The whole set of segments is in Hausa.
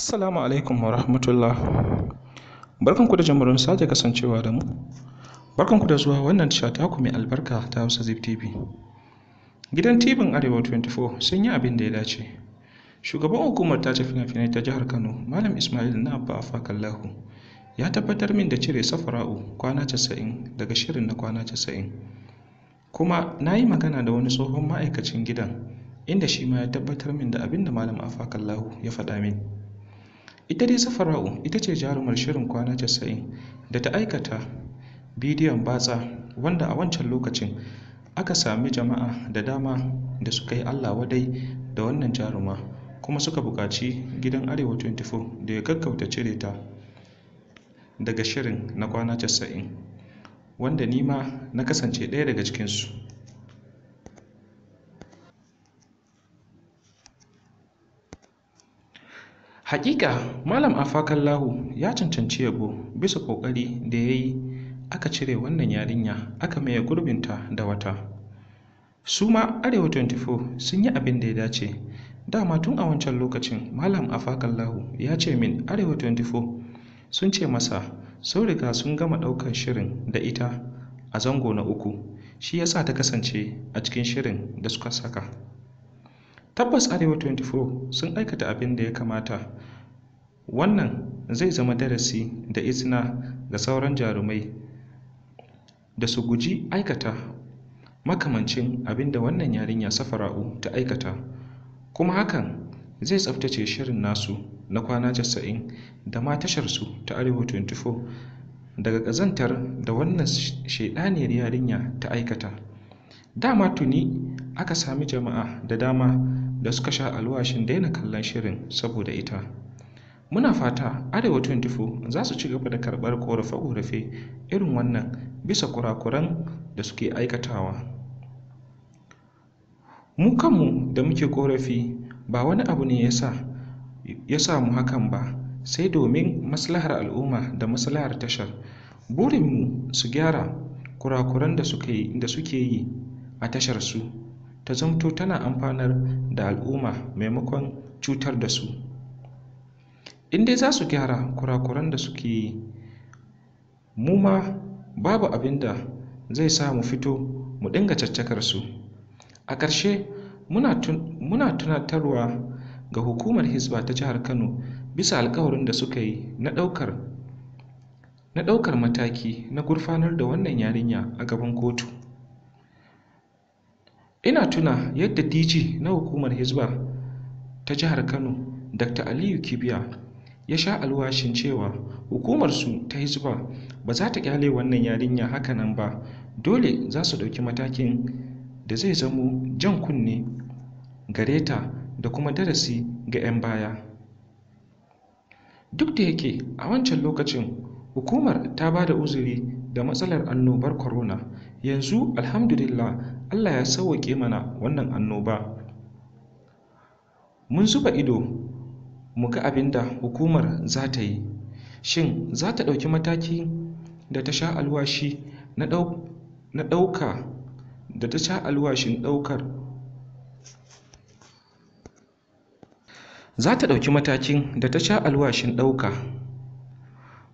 Assalamu alaikum wa rahmatullah. Barkanku da jamurin sake kasancewa da mu. Barkanku da zuwa wannan tasha ku mai albarka ta Hausa Zip TV. Gidan TVn Arewa 24 sun yi abin da ya dace. Shugaban hukumar ta ce fina-finai ta jihar Kano, Malam Ismail na Abba Afakallahu, ya tabbatar min da cire safara'u kwana 90 daga shirin na kwana 90. Kuma na yi magana da wani tsohon ma'aikacin gidan, inda shi ma ya tabbatar min da abin da Malam Afakallahu ya faɗa min. ita dai safara'u ita ce jarumar shirin kwana 90 da ta aikata bidiyon batsa wanda a wancan lokacin aka sami jama'a da dama da suka yi allah wadai da wannan jaruma kuma suka buƙaci gidan arewa 24 da ya gaggauta cire ta daga shirin na kwana 90 wanda nima na kasance ɗaya daga cikinsu Haƙiƙa Malam Afakallahu ya cancanci yabo bisa ƙoƙari da ya yi aka cire wannan yarinya aka maye gurbinta da wata. Su ma Arewa 24 sun yi abin da ya dace. Dama tun a wancan lokacin Malam Afakallahu ya ce min Arewa 24 sun ce masa sun riga sun gama ɗaukar shirin da ita a zango na uku, shi yasa ta kasance a cikin shirin da suka saka. tabbas arewa 24 sun aikata abin da ya kamata wannan zai zama darasi da izina ga sauran jarumai da su guji aikata makamancin abin da wannan yarinya safara'u ta aikata kuma hakan zai tsabtace shirin nasu na kwana 90 da ma tasharsu ta arewa 24 daga kazantar da wannan shaidaniyar yarinya ta aikata dama tuni aka sami jama'a da dama da suka sha alwashin daina kallon shirin saboda ita. Muna fata Arewa 24 za su ci gaba da karbar ƙorafe korafe irin wannan bisa kurakuran da suke aikatawa. Mu kanmu da muke korafi ba wani abu ne ya sa mu hakan ba sai domin maslahar al'umma da maslahar tashar. Burinmu su gyara kurakuran da suke yi a tashar su. ta zamto tana amfanar da al'umma maimakon cutar da su in dai za su gyara kurakuran da suke yi mu ma babu abin da zai sa mu fito mu dinga caccakar su a ƙarshe muna tunatarwa ga hukumar hisba ta jihar kano bisa alkawarin da suka yi na ɗaukar mataki na gurfanar da wannan yarinya a gaban kotu ina tuna yadda dj na hukumar hisba ta jihar kano dr aliyu kibiya ya sha alwashin cewa hukumarsu ta hisba ba za ta kyale wannan yarinya hakanan ba dole za su ɗauki matakin da zai zamo jan kunne gare ta da kuma darasi ga 'yan baya duk da yake a wancan lokacin Hukumar ta ba da uzuri da matsalar annobar Corona, yanzu alhamdulillah Allah ya sauwaƙe mana wannan annoba. Mun zuba ido mu ga abin da hukumar za ta yi, shin za ta ɗauki mataki da ta sha alwashi na ɗauka da ta sha alwashin ɗaukar za ta ɗauki matakin da ta sha alwashin ɗauka.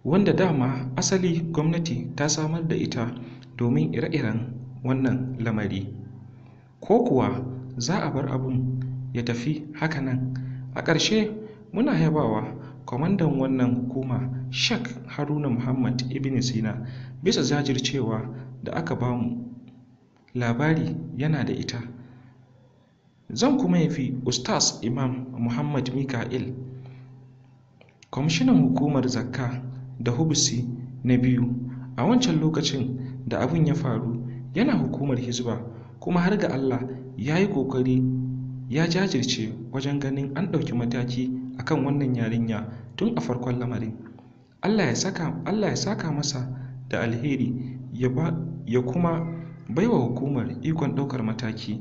wanda dama asali gwamnati ta samar da ita domin ire-iren wannan lamari ko kuwa za a bar abun ya tafi hakanan a ƙarshe muna yabawa kwamandan wannan hukuma shak haruna muhammad ibn sina bisa jajircewa da aka bamu labari yana da ita zan kuma yafi ustaz imam muhammad mika'il kwamishinan hukumar zakka da hubusi na biyu a wancan lokacin da abin ya faru yana hukumar hizba kuma har ga allah ya yi kokari ya jajirce wajen ganin an ɗauki mataki a kan wannan yarinya tun a farkon lamarin allah ya saka masa da alheri ya kuma baiwa hukumar ikon ɗaukar mataki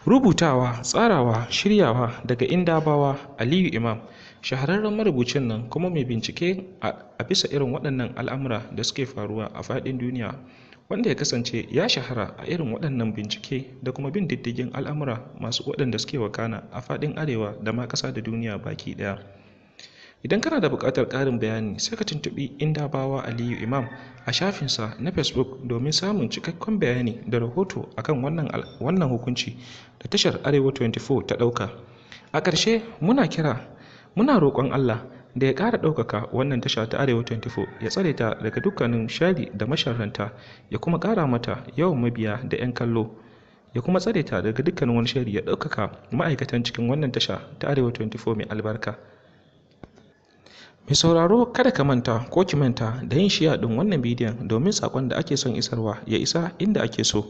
Rubutawa, tsarawa, shiryawa daga Indabawa Aliyu Imam, shahararren marubucin nan kuma mai bincike a bisa irin waɗannan al'amura da suke faruwa a faɗin duniya, wanda ya kasance ya shahara a irin waɗannan bincike da kuma bin diddigin al'amura masu waɗanda suke wakana a faɗin Arewa da ma ƙasa da duniya baki ɗaya. idan kana da bukatar karin bayani sai ka inda-bawa aliyu imam a shafinsa na facebook domin samun cikakken bayani da rahoto akan wannan hukunci da tashar arewa 24 ta ɗauka a ƙarshe muna kira muna roƙon allah da ya ƙara ɗaukaka wannan tasha ta arewa 24 ya tsare ta daga dukkanin shari da masharanta ya kuma ƙara mata yawan mabiya da 'yan kallo ya kuma tsare ta daga dukkanin wani shari ya ɗaukaka ma'aikatan cikin wannan tasha ta arewa 24 mai albarka Mai sauraro kada ka manta ko ki manta da yin shiya ɗin wannan bidiyon domin saƙon da ake son isarwa ya isa inda ake so.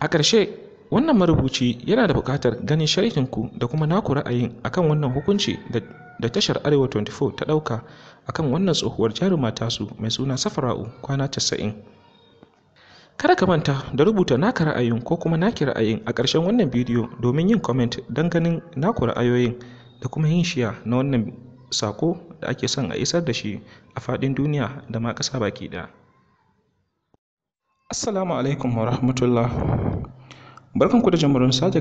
A ƙarshe wannan marubuci yana da buƙatar ganin sharhinku da kuma naku ra'ayin akan wannan hukunci da tashar Arewa 24 ta ɗauka akan wannan tsohuwar jaruma tasu mai suna Safara'u kwana 90. Kada ka manta da rubuta naka ra'ayin ko kuma naki ra'ayin a ƙarshen wannan bidiyo domin yin comment don ganin naku ra'ayoyin. da kuma shiya na wannan sako da ake son a isar da shi a faɗin duniya da ma ƙasa baki ɗaya. Assalamu alaikum wa rahmatullah. Barkanku da jamurin sake